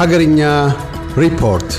ሀገርኛ ሪፖርት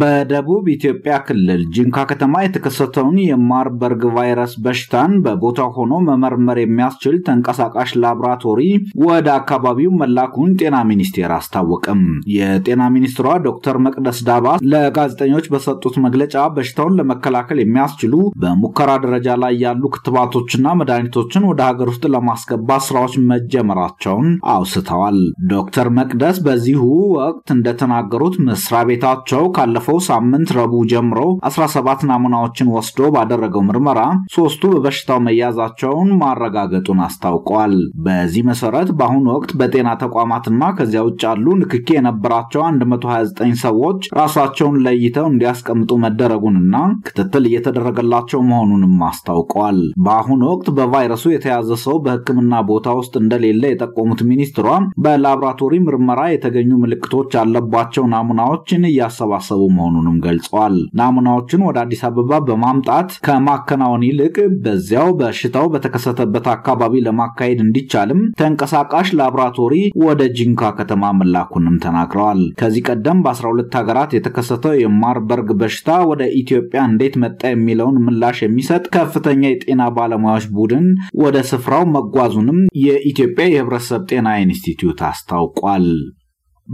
በደቡብ ኢትዮጵያ ክልል ጂንካ ከተማ የተከሰተውን የማርበርግ ቫይረስ በሽታን በቦታ ሆኖ መመርመር የሚያስችል ተንቀሳቃሽ ላብራቶሪ ወደ አካባቢው መላኩን ጤና ሚኒስቴር አስታወቅም። የጤና ሚኒስትሯ ዶክተር መቅደስ ዳባ ለጋዜጠኞች በሰጡት መግለጫ በሽታውን ለመከላከል የሚያስችሉ በሙከራ ደረጃ ላይ ያሉ ክትባቶችና መድኃኒቶችን ወደ ሀገር ውስጥ ለማስገባት ስራዎች መጀመራቸውን አውስተዋል። ዶክተር መቅደስ በዚሁ ወቅት እንደተናገሩት መስሪያ ቤታቸው ካለፈ ካለፈው ሳምንት ረቡዕ ጀምሮ 17 ናሙናዎችን ወስዶ ባደረገው ምርመራ ሶስቱ በበሽታው መያዛቸውን ማረጋገጡን አስታውቋል። በዚህ መሰረት በአሁኑ ወቅት በጤና ተቋማትና ከዚያ ውጭ ያሉ ንክኪ የነበራቸው 129 ሰዎች ራሳቸውን ለይተው እንዲያስቀምጡ መደረጉንና ክትትል እየተደረገላቸው መሆኑንም አስታውቋል። በአሁኑ ወቅት በቫይረሱ የተያዘ ሰው በሕክምና ቦታ ውስጥ እንደሌለ የጠቆሙት ሚኒስትሯ በላብራቶሪ ምርመራ የተገኙ ምልክቶች ያለባቸው ናሙናዎችን እያሰባሰቡ መሆኑንም ገልጸዋል። ናሙናዎችን ወደ አዲስ አበባ በማምጣት ከማከናወን ይልቅ በዚያው በሽታው በተከሰተበት አካባቢ ለማካሄድ እንዲቻልም ተንቀሳቃሽ ላብራቶሪ ወደ ጂንካ ከተማ መላኩንም ተናግረዋል። ከዚህ ቀደም በ12 ሀገራት የተከሰተው የማርበርግ በሽታ ወደ ኢትዮጵያ እንዴት መጣ የሚለውን ምላሽ የሚሰጥ ከፍተኛ የጤና ባለሙያዎች ቡድን ወደ ስፍራው መጓዙንም የኢትዮጵያ የሕብረተሰብ ጤና ኢንስቲትዩት አስታውቋል።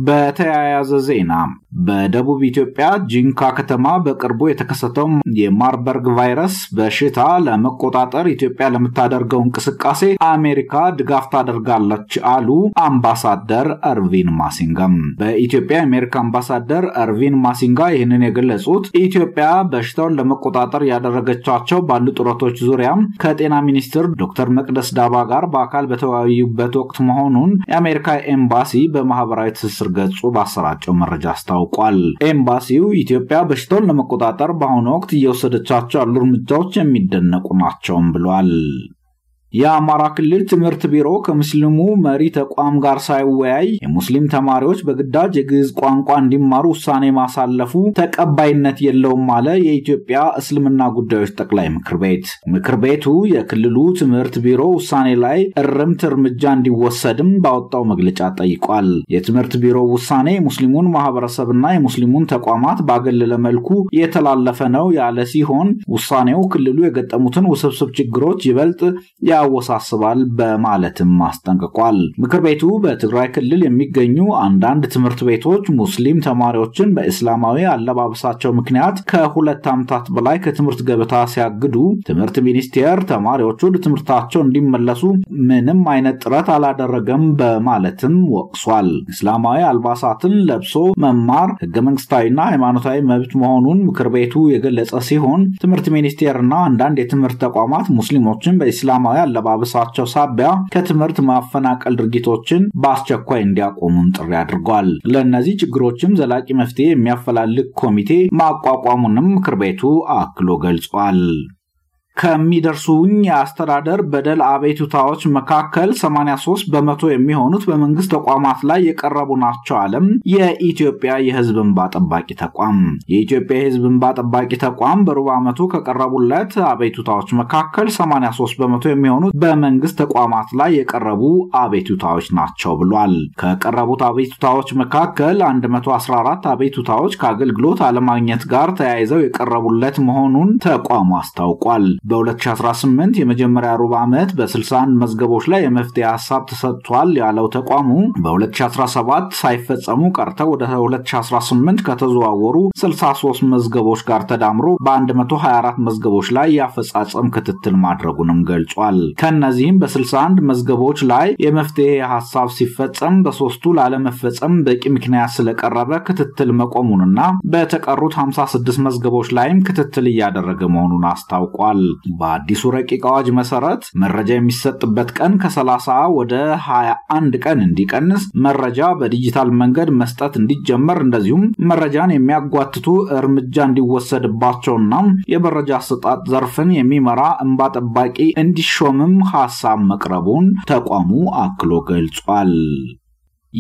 በተያያዘ ዜና በደቡብ ኢትዮጵያ ጂንካ ከተማ በቅርቡ የተከሰተው የማርበርግ ቫይረስ በሽታ ለመቆጣጠር ኢትዮጵያ ለምታደርገው እንቅስቃሴ አሜሪካ ድጋፍ ታደርጋለች አሉ አምባሳደር እርቪን ማሲንጋም። በኢትዮጵያ የአሜሪካ አምባሳደር እርቪን ማሲንጋ ይህንን የገለጹት ኢትዮጵያ በሽታውን ለመቆጣጠር ያደረገቻቸው ባሉ ጥረቶች ዙሪያም ከጤና ሚኒስትር ዶክተር መቅደስ ዳባ ጋር በአካል በተወያዩበት ወቅት መሆኑን የአሜሪካ ኤምባሲ በማህበራዊ ትስስር ገጹ ባሰራጨው መረጃ አስታው ታውቋል። ኤምባሲው ኢትዮጵያ በሽታውን ለመቆጣጠር በአሁኑ ወቅት እየወሰደቻቸው ያሉ እርምጃዎች የሚደነቁ ናቸውም ብሏል። የአማራ ክልል ትምህርት ቢሮ ከሙስሊሙ መሪ ተቋም ጋር ሳይወያይ የሙስሊም ተማሪዎች በግዳጅ የግዕዝ ቋንቋ እንዲማሩ ውሳኔ ማሳለፉ ተቀባይነት የለውም አለ የኢትዮጵያ እስልምና ጉዳዮች ጠቅላይ ምክር ቤት። ምክር ቤቱ የክልሉ ትምህርት ቢሮ ውሳኔ ላይ እርምት እርምጃ እንዲወሰድም ባወጣው መግለጫ ጠይቋል። የትምህርት ቢሮ ውሳኔ የሙስሊሙን ማህበረሰብና የሙስሊሙን ተቋማት ባገለለ መልኩ የተላለፈ ነው ያለ ሲሆን ውሳኔው ክልሉ የገጠሙትን ውስብስብ ችግሮች ይበልጥ ያወሳስባል በማለትም አስጠንቅቋል። ምክር ቤቱ በትግራይ ክልል የሚገኙ አንዳንድ ትምህርት ቤቶች ሙስሊም ተማሪዎችን በእስላማዊ አለባበሳቸው ምክንያት ከሁለት ዓመታት በላይ ከትምህርት ገበታ ሲያግዱ ትምህርት ሚኒስቴር ተማሪዎቹ ለትምህርታቸው እንዲመለሱ ምንም አይነት ጥረት አላደረገም በማለትም ወቅሷል። እስላማዊ አልባሳትን ለብሶ መማር ህገ መንግስታዊና ሃይማኖታዊ መብት መሆኑን ምክር ቤቱ የገለጸ ሲሆን ትምህርት ሚኒስቴርና አንዳንድ የትምህርት ተቋማት ሙስሊሞችን በእስላማዊ አለባበሳቸው ሳቢያ ከትምህርት ማፈናቀል ድርጊቶችን በአስቸኳይ እንዲያቆሙም ጥሪ አድርጓል። ለእነዚህ ችግሮችም ዘላቂ መፍትሄ የሚያፈላልግ ኮሚቴ ማቋቋሙንም ምክር ቤቱ አክሎ ገልጿል። ከሚደርሱኝ የአስተዳደር በደል አቤቱታዎች መካከል 83 በመቶ የሚሆኑት በመንግስት ተቋማት ላይ የቀረቡ ናቸው አለም የኢትዮጵያ የህዝብ እንባ ጠባቂ ተቋም። የኢትዮጵያ የህዝብ እንባ ጠባቂ ተቋም በሩብ ዓመቱ ከቀረቡለት አቤቱታዎች መካከል 83 በመቶ የሚሆኑት በመንግስት ተቋማት ላይ የቀረቡ አቤቱታዎች ናቸው ብሏል። ከቀረቡት አቤቱታዎች መካከል 114 አቤቱታዎች ከአገልግሎት አለማግኘት ጋር ተያይዘው የቀረቡለት መሆኑን ተቋሙ አስታውቋል። በ2018 የመጀመሪያ ሩብ ዓመት በ61 መዝገቦች ላይ የመፍትሄ ሀሳብ ተሰጥቷል ያለው ተቋሙ በ2017 ሳይፈጸሙ ቀርተው ወደ 2018 ከተዘዋወሩ 63 መዝገቦች ጋር ተዳምሮ በ124 መዝገቦች ላይ የአፈጻጸም ክትትል ማድረጉንም ገልጿል። ከእነዚህም በ61 መዝገቦች ላይ የመፍትሄ ሀሳብ ሲፈጸም በሶስቱ ላለመፈጸም በቂ ምክንያት ስለቀረበ ክትትል መቆሙንና በተቀሩት 56 መዝገቦች ላይም ክትትል እያደረገ መሆኑን አስታውቋል። በአዲሱ ረቂቅ አዋጅ መሰረት መረጃ የሚሰጥበት ቀን ከ30 ወደ 21 ቀን እንዲቀንስ፣ መረጃ በዲጂታል መንገድ መስጠት እንዲጀመር፣ እንደዚሁም መረጃን የሚያጓትቱ እርምጃ እንዲወሰድባቸውና የመረጃ አሰጣጥ ዘርፍን የሚመራ እንባ ጠባቂ እንዲሾምም ሀሳብ መቅረቡን ተቋሙ አክሎ ገልጿል።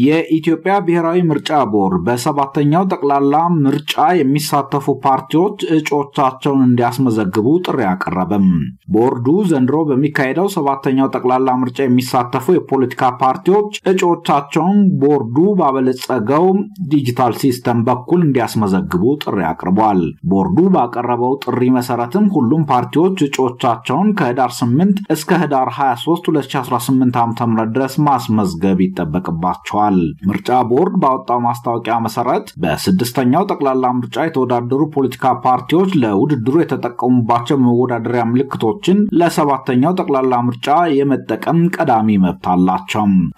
የኢትዮጵያ ብሔራዊ ምርጫ ቦርድ በሰባተኛው ጠቅላላ ምርጫ የሚሳተፉ ፓርቲዎች እጩዎቻቸውን እንዲያስመዘግቡ ጥሪ አቀረበም። ቦርዱ ዘንድሮ በሚካሄደው ሰባተኛው ጠቅላላ ምርጫ የሚሳተፉ የፖለቲካ ፓርቲዎች እጩዎቻቸውን ቦርዱ ባበለጸገው ዲጂታል ሲስተም በኩል እንዲያስመዘግቡ ጥሪ አቅርቧል። ቦርዱ ባቀረበው ጥሪ መሰረትም ሁሉም ፓርቲዎች እጩዎቻቸውን ከህዳር 8 እስከ ህዳር 23 2018 ዓ ም ድረስ ማስመዝገብ ይጠበቅባቸዋል። አስታውቀዋል። ምርጫ ቦርድ ባወጣው ማስታወቂያ መሰረት በስድስተኛው ጠቅላላ ምርጫ የተወዳደሩ ፖለቲካ ፓርቲዎች ለውድድሩ የተጠቀሙባቸው መወዳደሪያ ምልክቶችን ለሰባተኛው ጠቅላላ ምርጫ የመጠቀም ቀዳሚ መብት አላቸው።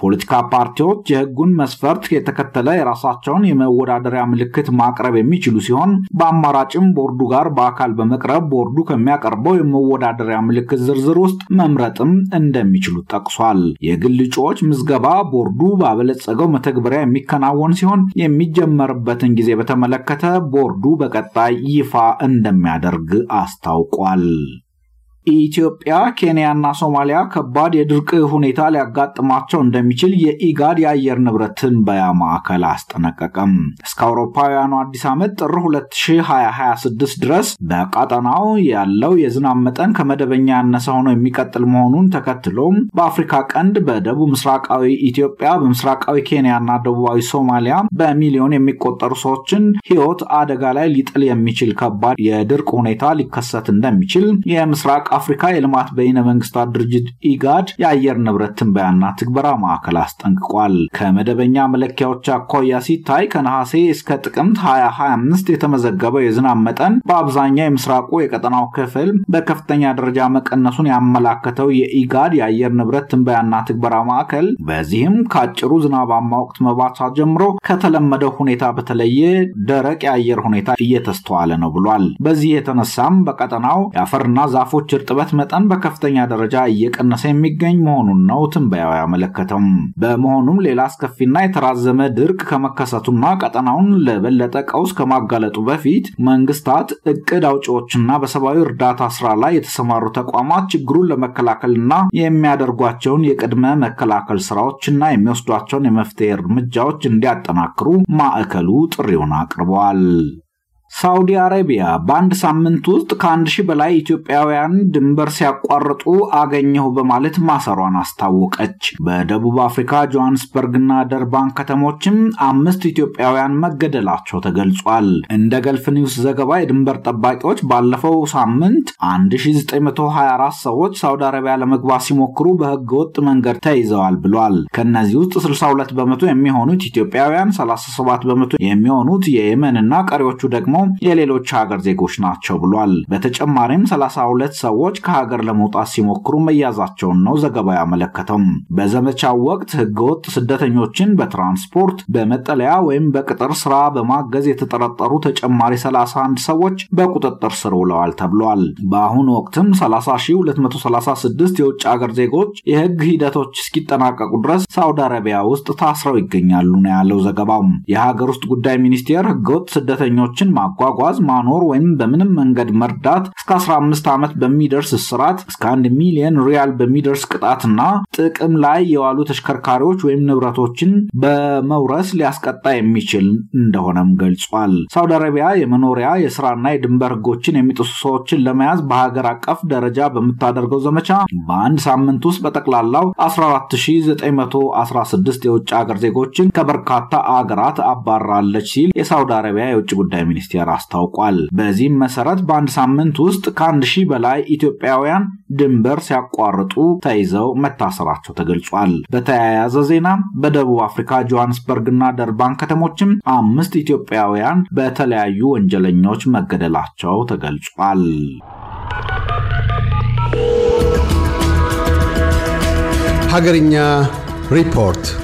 ፖለቲካ ፓርቲዎች የህጉን መስፈርት የተከተለ የራሳቸውን የመወዳደሪያ ምልክት ማቅረብ የሚችሉ ሲሆን በአማራጭም ቦርዱ ጋር በአካል በመቅረብ ቦርዱ ከሚያቀርበው የመወዳደሪያ ምልክት ዝርዝር ውስጥ መምረጥም እንደሚችሉ ጠቅሷል። የግል እጩዎች ምዝገባ ቦርዱ ባበለጸ በበለጸገው መተግበሪያ የሚከናወን ሲሆን የሚጀመርበትን ጊዜ በተመለከተ ቦርዱ በቀጣይ ይፋ እንደሚያደርግ አስታውቋል። ኢትዮጵያ፣ ኬንያና ሶማሊያ ከባድ የድርቅ ሁኔታ ሊያጋጥማቸው እንደሚችል የኢጋድ የአየር ንብረት ትንበያ ማዕከል አስጠነቀቀም። እስከ አውሮፓውያኑ አዲስ ዓመት ጥር 2026 ድረስ በቀጠናው ያለው የዝናብ መጠን ከመደበኛ ያነሰ ሆኖ የሚቀጥል መሆኑን ተከትሎም በአፍሪካ ቀንድ በደቡብ ምስራቃዊ ኢትዮጵያ፣ በምስራቃዊ ኬንያና ደቡባዊ ሶማሊያ በሚሊዮን የሚቆጠሩ ሰዎችን ሕይወት አደጋ ላይ ሊጥል የሚችል ከባድ የድርቅ ሁኔታ ሊከሰት እንደሚችል የምስራቅ የአፍሪካ የልማት በይነ መንግስታት ድርጅት ኢጋድ የአየር ንብረት ትንበያና ትግበራ ማዕከል አስጠንቅቋል። ከመደበኛ መለኪያዎች አኳያ ሲታይ ከነሐሴ እስከ ጥቅምት 2025 የተመዘገበው የዝናብ መጠን በአብዛኛው የምስራቁ የቀጠናው ክፍል በከፍተኛ ደረጃ መቀነሱን ያመላከተው የኢጋድ የአየር ንብረት ትንበያና ትግበራ ማዕከል በዚህም ከአጭሩ ዝናባማ ወቅት መባቻ ጀምሮ ከተለመደው ሁኔታ በተለየ ደረቅ የአየር ሁኔታ እየተስተዋለ ነው ብሏል። በዚህ የተነሳም በቀጠናው የአፈርና ዛፎች የእርጥበት መጠን በከፍተኛ ደረጃ እየቀነሰ የሚገኝ መሆኑን ነው ትንበያው ያመለከተው። በመሆኑም ሌላ አስከፊና የተራዘመ ድርቅ ከመከሰቱና ቀጠናውን ለበለጠ ቀውስ ከማጋለጡ በፊት መንግስታት፣ እቅድ አውጪዎችና በሰብአዊ እርዳታ ስራ ላይ የተሰማሩ ተቋማት ችግሩን ለመከላከልና የሚያደርጓቸውን የቅድመ መከላከል ስራዎችና የሚወስዷቸውን የመፍትሄ እርምጃዎች እንዲያጠናክሩ ማዕከሉ ጥሪውን አቅርበዋል። ሳውዲ አረቢያ በአንድ ሳምንት ውስጥ ከአንድ ሺህ በላይ ኢትዮጵያውያን ድንበር ሲያቋርጡ አገኘሁ በማለት ማሰሯን አስታወቀች። በደቡብ አፍሪካ ጆሃንስበርግና ደርባን ከተሞችም አምስት ኢትዮጵያውያን መገደላቸው ተገልጿል። እንደ ገልፍ ኒውስ ዘገባ የድንበር ጠባቂዎች ባለፈው ሳምንት 1924 ሰዎች ሳውዲ አረቢያ ለመግባት ሲሞክሩ በህገ ወጥ መንገድ ተይዘዋል ብሏል። ከእነዚህ ውስጥ 62 በመቶ የሚሆኑት ኢትዮጵያውያን፣ 37 በመቶ የሚሆኑት የየመንና ቀሪዎቹ ደግሞ የሌሎች ሀገር ዜጎች ናቸው ብሏል። በተጨማሪም 32 ሰዎች ከሀገር ለመውጣት ሲሞክሩ መያዛቸውን ነው ዘገባው ያመለከተው። በዘመቻው ወቅት ህገወጥ ስደተኞችን በትራንስፖርት በመጠለያ ወይም በቅጥር ስራ በማገዝ የተጠረጠሩ ተጨማሪ 31 ሰዎች በቁጥጥር ስር ውለዋል ተብሏል። በአሁኑ ወቅትም 30236 የውጭ ሀገር ዜጎች የህግ ሂደቶች እስኪጠናቀቁ ድረስ ሳውዲ አረቢያ ውስጥ ታስረው ይገኛሉ ነው ያለው ዘገባው። የሀገር ውስጥ ጉዳይ ሚኒስቴር ህገወጥ ስደተኞችን ማ ማጓጓዝ፣ ማኖር ወይም በምንም መንገድ መርዳት እስከ 15 ዓመት በሚደርስ እስራት እስከ 1 ሚሊዮን ሪያል በሚደርስ ቅጣትና ጥቅም ላይ የዋሉ ተሽከርካሪዎች ወይም ንብረቶችን በመውረስ ሊያስቀጣ የሚችል እንደሆነም ገልጿል። ሳውዲ አረቢያ የመኖሪያ የስራና የድንበር ህጎችን የሚጥሱ ሰዎችን ለመያዝ በሀገር አቀፍ ደረጃ በምታደርገው ዘመቻ በአንድ ሳምንት ውስጥ በጠቅላላው 14916 የውጭ ሀገር ዜጎችን ከበርካታ አገራት አባራለች ሲል የሳውዲ አረቢያ የውጭ ጉዳይ ሚኒስቴር እንደሚቀየር አስታውቋል። በዚህም መሰረት በአንድ ሳምንት ውስጥ ከአንድ ሺህ በላይ ኢትዮጵያውያን ድንበር ሲያቋርጡ ተይዘው መታሰራቸው ተገልጿል። በተያያዘ ዜና በደቡብ አፍሪካ ጆሃንስበርግና ደርባን ከተሞችም አምስት ኢትዮጵያውያን በተለያዩ ወንጀለኞች መገደላቸው ተገልጿል። ሀገርኛ ሪፖርት